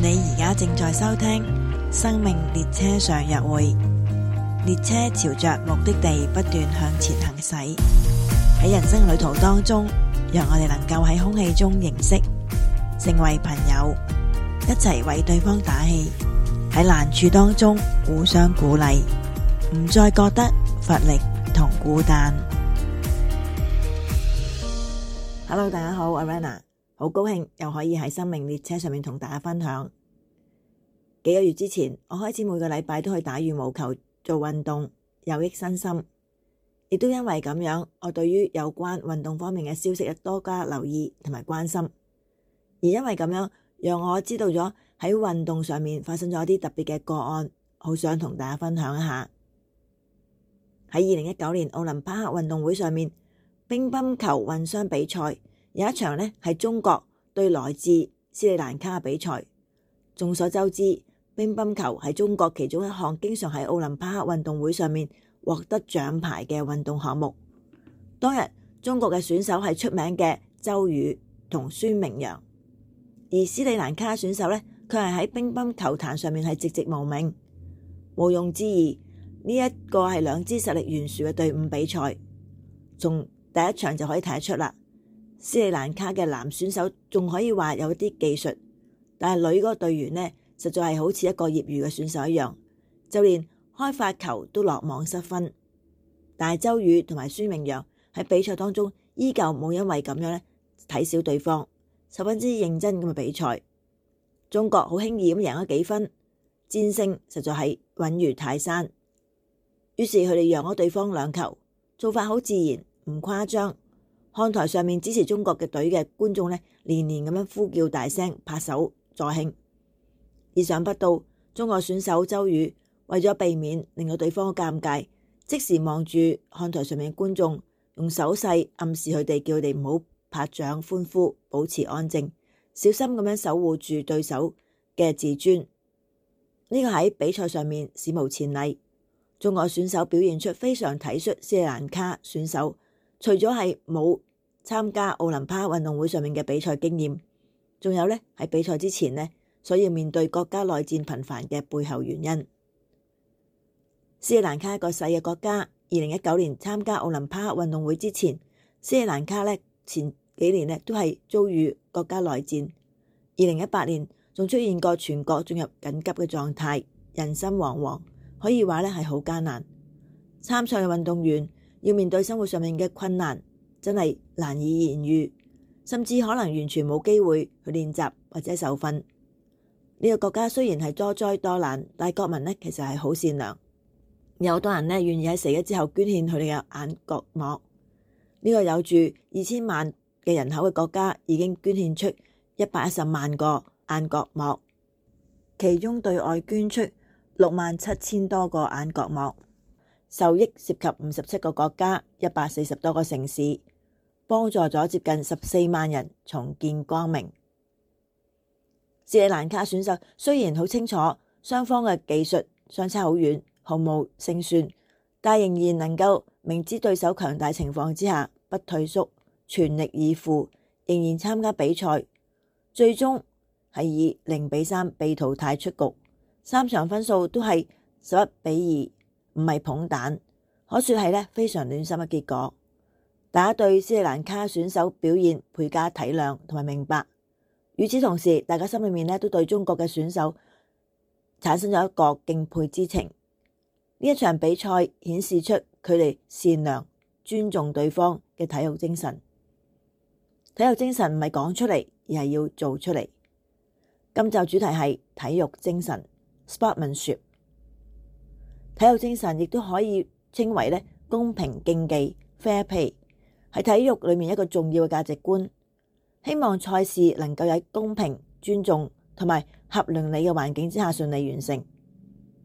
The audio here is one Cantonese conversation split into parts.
你而家正在收聽《生命列車上約會》，列車朝着目的地不斷向前行駛。喺人生旅途當中，讓我哋能夠喺空氣中認識，成為朋友，一齊為對方打氣。喺難處當中互相鼓勵，唔再覺得乏力同孤單。Hello，大家好，Rana。好高興又可以喺生命列車上面同大家分享。幾個月之前，我開始每個禮拜都去打羽毛球做運動，有益身心。亦都因為咁樣，我對於有關運動方面嘅消息多加留意同埋關心。而因為咁樣，讓我知道咗喺運動上面發生咗一啲特別嘅個案，好想同大家分享一下。喺二零一九年奧林匹克運動會上面，乒乓球混雙比賽。有一場呢係中國對來自斯里蘭卡嘅比賽。眾所周知，乒乓球係中國其中一項經常喺奧林匹克運動會上面獲得獎牌嘅運動項目。當日中國嘅選手係出名嘅周雨同孫銘陽，而斯里蘭卡選手呢，佢係喺乒乓球壇上面係寂寂無名。毋庸置疑，呢一個係兩支實力懸殊嘅隊伍比賽，從第一場就可以睇得出啦。斯里蘭卡嘅男選手仲可以話有啲技術，但係女嗰個隊員呢，實在係好似一個業餘嘅選手一樣，就連開發球都落網失分。但係周雨同埋孫銘陽喺比賽當中依舊冇因為咁樣呢睇小對方，十分之認真咁嘅比賽，中國好輕易咁贏咗幾分，戰勝實在係穩如泰山。於是佢哋讓咗對方兩球，做法好自然，唔誇張。看台上面支持中國嘅隊嘅觀眾呢，連連咁樣呼叫大聲拍手助興。意想不到，中國選手周雨為咗避免令到對方尷尬，即時望住看台上面嘅觀眾，用手勢暗示佢哋叫佢哋唔好拍掌歡呼，保持安靜，小心咁樣守護住對手嘅自尊。呢個喺比賽上面史無前例。中國選手表現出非常體恤斯里蘭卡選手，除咗係冇。參加奧林匹克運動會上面嘅比賽經驗，仲有呢喺比賽之前呢，所要面對國家內戰頻繁嘅背後原因。斯里蘭卡一個細嘅國家，二零一九年參加奧林匹克運動會之前，斯里蘭卡呢，前幾年呢都係遭遇國家內戰，二零一八年仲出現過全國進入緊急嘅狀態，人心惶惶，可以話呢係好艱難。參賽嘅運動員要面對生活上面嘅困難。真係難以言喻，甚至可能完全冇機會去練習或者受訓。呢個國家雖然係多災多難，但係國民呢其實係好善良，有好多人呢願意喺死咗之後捐獻佢哋嘅眼角膜。呢個有住二千萬嘅人口嘅國家已經捐獻出一百一十萬個眼角膜，其中對外捐出六萬七千多個眼角膜，受益涉及五十七個國家、一百四十多個城市。幫助咗接近十四萬人重見光明。斯里蘭卡選手雖然好清楚雙方嘅技術相差好遠，毫無勝算，但仍然能夠明知對手強大情況之下不退縮，全力以赴，仍然參加比賽。最終係以零比三被淘汰出局，三場分數都係十一比二，唔係捧蛋，可說係呢非常暖心嘅結果。大家對斯里蘭卡選手表現倍加體諒同埋明白。與此同時，大家心裏面呢都對中國嘅選手產生咗一個敬佩之情。呢一場比賽顯示出佢哋善良、尊重對方嘅體育精神。體育精神唔係講出嚟，而係要做出嚟。今集主題係體育精神。Sportsmanship，體育精神亦都可以稱為呢公平競技 （fair play）。係體育裏面一個重要嘅價值觀，希望賽事能夠喺公平、尊重同埋合倫理嘅環境之下順利完成，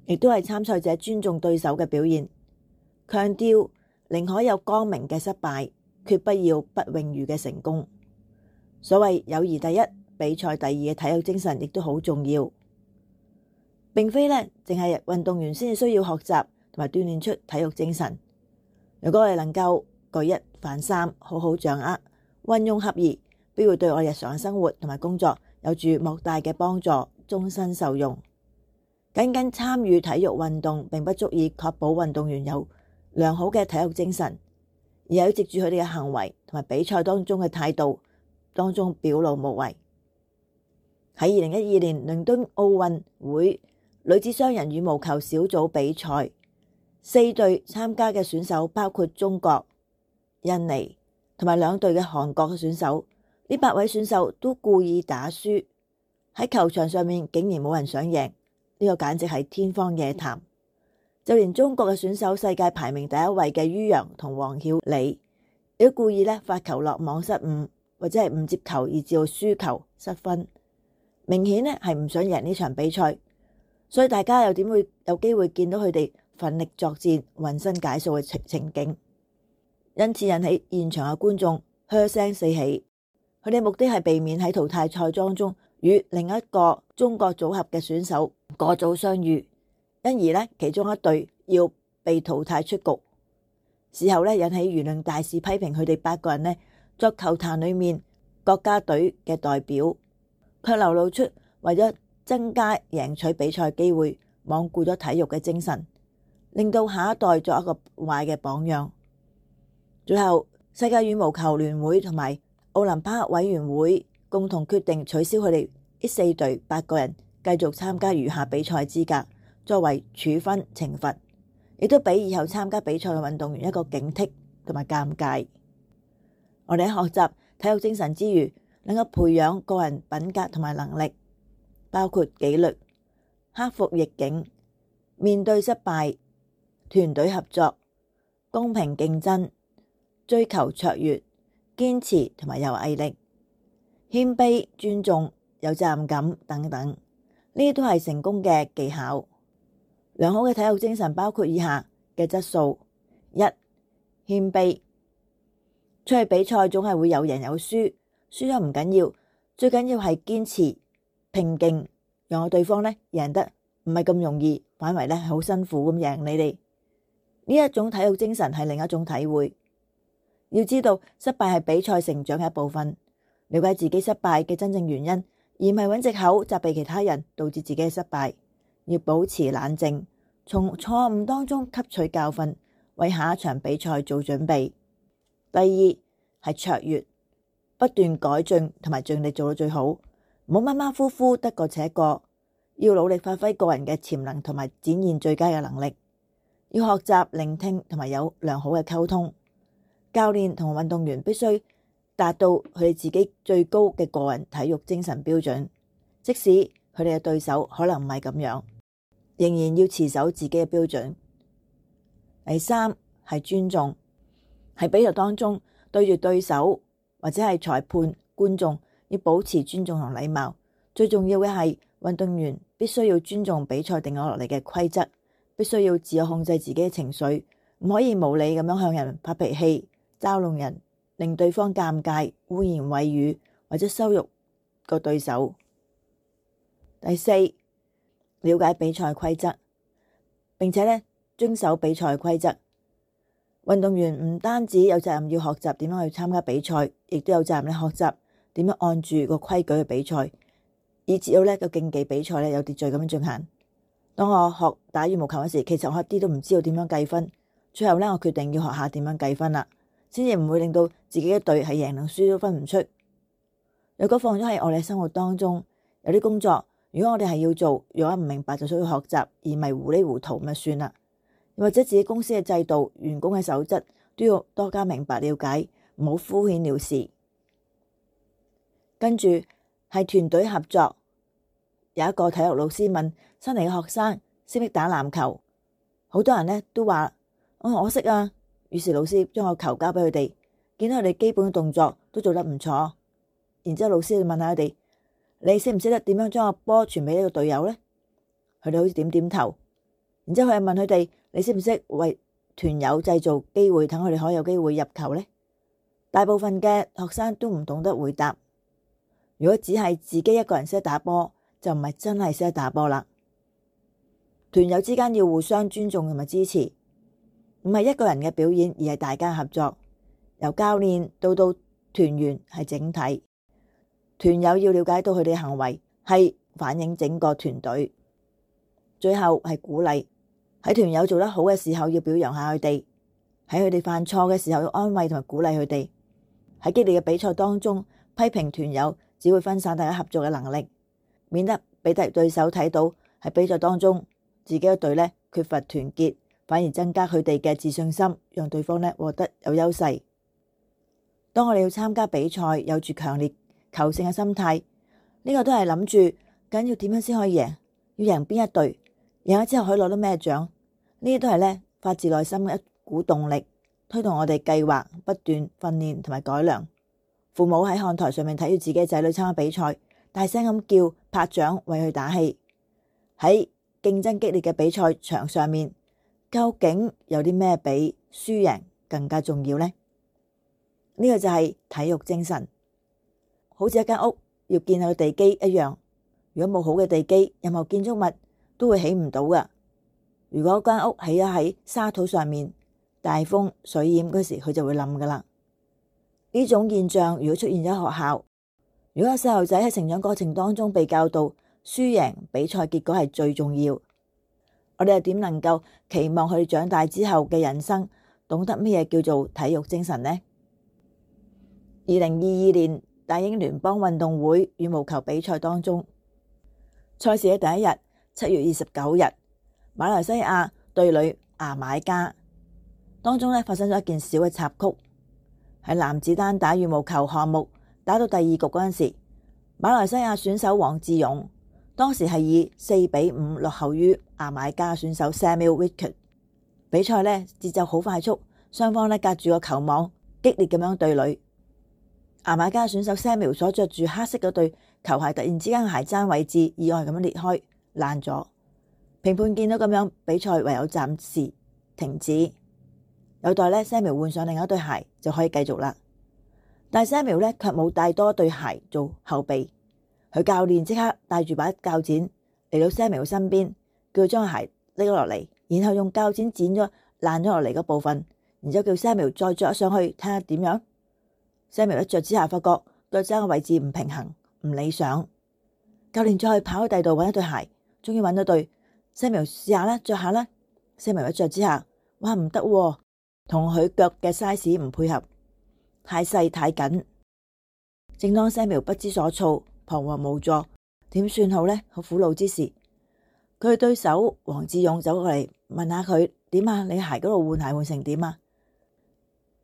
亦都係參賽者尊重對手嘅表現，強調寧可有光明嘅失敗，決不要不榮譽嘅成功。所謂友誼第一、比賽第二嘅體育精神亦都好重要，並非呢淨係運動員先至需要學習同埋鍛煉出體育精神，如果我哋能夠。舉一反三，好好掌握，運用合宜，必會對我日常生活同埋工作有住莫大嘅幫助，終身受用。僅僅參與體育運動，並不足以確保運動員有良好嘅體育精神，而有藉住佢哋嘅行為同埋比賽當中嘅態度當中表露無遺。喺二零一二年倫敦奧運會女子雙人羽毛球小組比賽，四隊參加嘅選手包括中國、印尼同埋兩隊嘅韓國嘅選手，呢八位選手都故意打輸，喺球場上面，竟然冇人想贏，呢、這個簡直係天荒夜譚。就連中國嘅選手世界排名第一位嘅于洋同王曉理，都故意咧，發球落網失誤，或者係唔接球以至到輸球失分，明顯咧，係唔想贏呢場比賽，所以大家又點會有機會見到佢哋奮力作戰、渾身解數嘅情情景？因此引起現場嘅觀眾噓聲四起。佢哋目的係避免喺淘汰賽當中與另一個中國組合嘅選手過早相遇，因而咧其中一隊要被淘汰出局。事後咧引起輿論大肆批評，佢哋八個人咧作球壇裏面國家隊嘅代表，卻流露出為咗增加贏取比賽機會，罔顧咗體育嘅精神，令到下一代作一個壞嘅榜樣。最後，世界羽毛球聯會同埋奧林匹克委員會共同決定取消佢哋呢四隊八個人繼續參加餘下比賽資格，作為處分懲罰，亦都畀以後參加比賽嘅運動員一個警惕同埋鑑戒。我哋喺學習體育精神之餘，能夠培養個人品格同埋能力，包括紀律、克服逆境、面對失敗、團隊合作、公平競爭。追求卓越、堅持同埋有毅力、謙卑、尊重、有責任感等等，呢啲都係成功嘅技巧。良好嘅體育精神包括以下嘅質素：一、謙卑。出去比賽總係會有贏有輸，輸咗唔緊要，最緊要係堅持、拼勁，讓對方呢贏得唔係咁容易，反為呢好辛苦咁贏你哋。呢一種體育精神係另一種體會。要知道失敗係比賽成長嘅一部分，了解自己失敗嘅真正原因，而唔係揾借口責備其他人導致自己嘅失敗。要保持冷靜，從錯誤當中吸取教訓，為下一場比賽做準備。第二，係卓越，不斷改進同埋盡力做到最好，唔好馬馬虎虎，得過且過。要努力發揮個人嘅潛能同埋展現最佳嘅能力。要學習聆聽同埋有良好嘅溝通。教練同運動員必須達到佢哋自己最高嘅個人體育精神標準，即使佢哋嘅對手可能唔係咁樣，仍然要持守自己嘅標準。第三係尊重，喺比賽當中對住對手或者係裁判、觀眾要保持尊重同禮貌。最重要嘅係運動員必須要尊重比賽定落嚟嘅規則，必須要自我控制自己嘅情緒，唔可以無理咁樣向人發脾氣。嘲弄人，令對方尷尬、污言穢語，或者羞辱個對手。第四，了解比賽規則，並且呢遵守比賽規則。運動員唔單止有責任要學習點樣去參加比賽，亦都有責任呢學習點樣按住個規矩去比賽，以至到呢個競技比賽呢有秩序咁樣進行。當我學打羽毛球嘅時候，其實我一啲都唔知道點樣計分。最後呢，我決定要學下點樣計分啦。先至唔會令到自己一隊係贏定輸都分唔出。如果放咗喺我哋生活當中，有啲工作，如果我哋係要做，如果唔明白就需要學習，而唔係糊裡糊塗咪算啦。又或者自己公司嘅制度、員工嘅守則都要多加明白了解，唔好敷衍了事。跟住係團隊合作。有一個體育老師問新嚟嘅學生識唔識打籃球，好多人咧都話：哦，我識啊！於是老師將個球交俾佢哋，見到佢哋基本嘅動作都做得唔錯，然之後老師就問下佢哋：「你識唔識得點樣將個波傳俾呢個隊友呢？」佢哋好似點點頭，然之後佢又問佢哋：你識唔識為團友製造機會，等佢哋可以有機會入球呢？大部分嘅學生都唔懂得回答。如果只係自己一個人識打波，就唔係真係識得打波啦。團友之間要互相尊重同埋支持。唔係一個人嘅表演，而係大家合作。由教練到到團員係整體，團友要了解到佢哋嘅行為係反映整個團隊。最後係鼓勵喺團友做得好嘅時候要表揚下佢哋，喺佢哋犯錯嘅時候要安慰同埋鼓勵佢哋。喺激烈嘅比賽當中，批評團友只會分散大家合作嘅能力，免得俾對手睇到喺比賽當中自己嘅隊呢缺乏團結。反而增加佢哋嘅自信心，讓對方咧獲得有優勢。當我哋要參加比賽，有住強烈求勝嘅心態，呢個都係諗住緊要點樣先可以贏，要贏邊一隊，贏咗之後可以攞到咩獎？呢啲都係咧發自內心嘅一股動力，推動我哋計劃不斷訓練同埋改良。父母喺看台上面睇住自己仔女參加比賽，大聲咁叫拍掌為佢打氣，喺競爭激烈嘅比賽場上面。究竟有啲咩比輸贏更加重要呢？呢個就係體育精神，好似一間屋要建立個地基一樣。如果冇好嘅地基，任何建築物都會起唔到噶。如果一間屋起咗喺沙土上面，大風水淹嗰時候，佢就會冧噶啦。呢種現象如果出現咗學校，如果細路仔喺成長過程當中被教導輸贏比賽結果係最重要。我哋又點能夠期望佢長大之後嘅人生懂得咩嘢叫做體育精神呢？二零二二年大英聯邦運動會羽毛球比賽當中，賽事嘅第一日，七月二十九日，馬來西亞隊對牙買加當中咧，發生咗一件小嘅插曲，喺男子單打羽毛球項目打到第二局嗰陣時，馬來西亞選手王志勇，當時係以四比五落後於牙買加選手 Samuel Wicker。比賽咧節奏好快速，雙方咧隔住個球網激烈咁樣對壘。牙買加選手 Samuel 所着住黑色嗰對球鞋突然之間，鞋踭位置意外咁樣裂開爛咗。評判見到咁樣，比賽唯有暫時停止，有待呢 Samuel 換上另一對鞋就可以繼續啦。但 Samuel 咧卻冇帶多對鞋做後備。佢教練即刻帶住把鉸剪嚟到 Samuel 身邊，叫佢將個鞋拎咗落嚟，然後用鉸剪剪咗爛咗落嚟嗰部分，然之後叫 Samuel 再着上去睇下點樣。Samuel 一着之下，發覺腳踭嘅位置唔平衡，唔理想。教練再跑去第二度揾一對鞋，終於揾到對。Samuel 試下啦，着下啦。Samuel 一着之下，哇，唔得喎，同佢腳嘅 size 唔配合，太細太緊。正當 Samuel 不知所措，彷徨無助，點算好呢？好苦惱之時，佢對手黃志勇走過嚟問下佢點啊？你鞋嗰度換鞋換成點啊？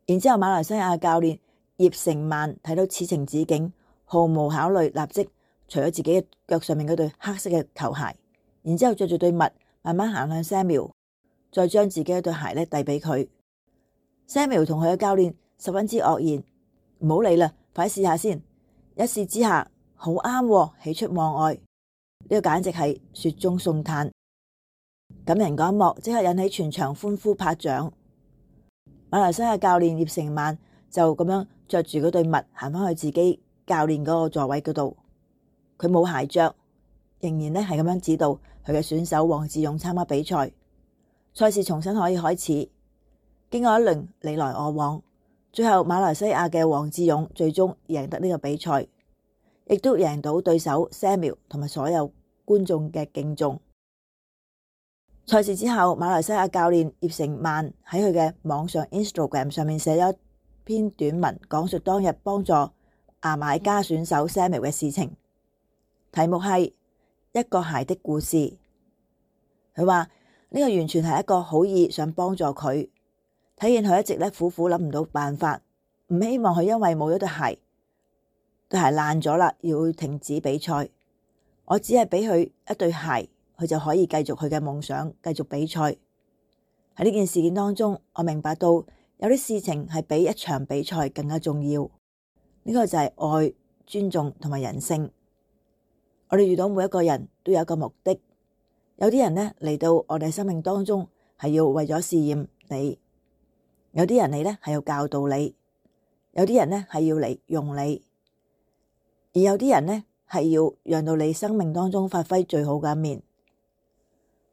然之後，馬來西亞教練葉成萬睇到此情此景，毫無考慮，立即除咗自己嘅腳上面嗰對黑色嘅球鞋，然之後着住對襪，慢慢行向 Samuel，再將自己一對鞋咧遞俾佢。Samuel 同佢嘅教練十分之愕然，唔好理啦，快試下先。一試之下。好啱、啊，喜出望外，呢個簡直係雪中送炭。感人嗰一幕即刻引起全場歡呼拍掌。馬來西亞教練葉成曼就咁樣着住嗰對襪行返去自己教練嗰個座位嗰度，佢冇鞋着，仍然呢係咁樣指導佢嘅選手黃志勇參加比賽。賽事重新可以開始，經過一輪你來我往，最後馬來西亞嘅黃志勇最終贏得呢個比賽。亦都贏到對手 Samuel 同埋所有觀眾嘅敬重。賽事之後，馬來西亞教練葉成曼喺佢嘅網上 Instagram 上面寫咗篇短文，講述當日幫助牙買加選手 Samuel 嘅事情。題目係一個鞋的故事。佢話呢個完全係一個好意，想幫助佢，睇見佢一直咧苦苦諗唔到辦法，唔希望佢因為冇咗對鞋，都係爛咗啦，要停止比賽。我只係俾佢一對鞋，佢就可以繼續佢嘅夢想，繼續比賽。喺呢件事件當中，我明白到有啲事情係比一場比賽更加重要。呢個就係愛、尊重同埋人性。我哋遇到每一個人都有一個目的，有啲人呢嚟到我哋生命當中係要為咗試驗你，有啲人嚟呢係要教導你，有啲人呢係要嚟用你。而有啲人呢，係要讓到你生命當中發揮最好嘅一面。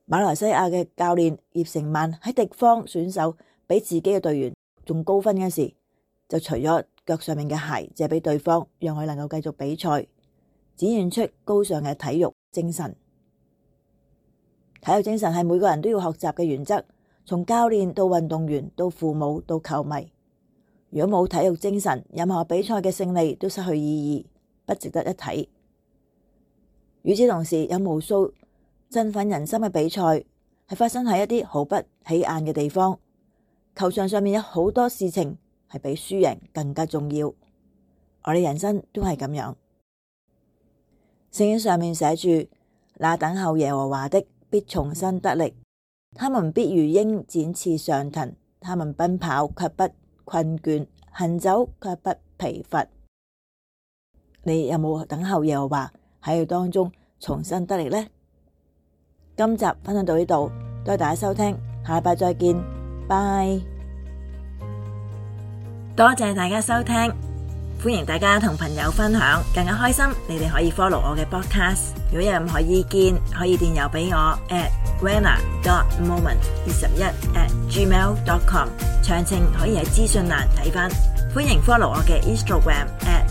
馬來西亞嘅教練葉成萬喺敵方選手比自己嘅隊員仲高分嘅時候，就除咗腳上面嘅鞋借俾對方，讓佢能夠繼續比賽，展現出高尚嘅體育精神。體育精神係每個人都要學習嘅原則，從教練到運動員到父母到球迷，如果冇體育精神，任何比賽嘅勝利都失去意義。不值得一睇。與此同時，有無數振奮人心嘅比賽係發生喺一啲毫不起眼嘅地方。球場上面有好多事情係比輸贏更加重要。我哋人生都係咁樣。聖經上面寫住，那等候耶和華的必重新得力，他們必如鷹展翅上騰，他們奔跑卻不困倦，行走卻不疲乏。你有冇等候又話喺當中重新得力呢？今集分享到呢度，多謝大家收聽，下禮拜再見，拜。多謝大家收聽，歡迎大家同朋友分享，更加開心。你哋可以 follow 我嘅 podcast，如果有任何意見，可以電郵俾我 at wenna dot moment 二十一 at gmail dot com，詳情可以喺資訊欄睇翻。歡迎 follow 我嘅 Instagram at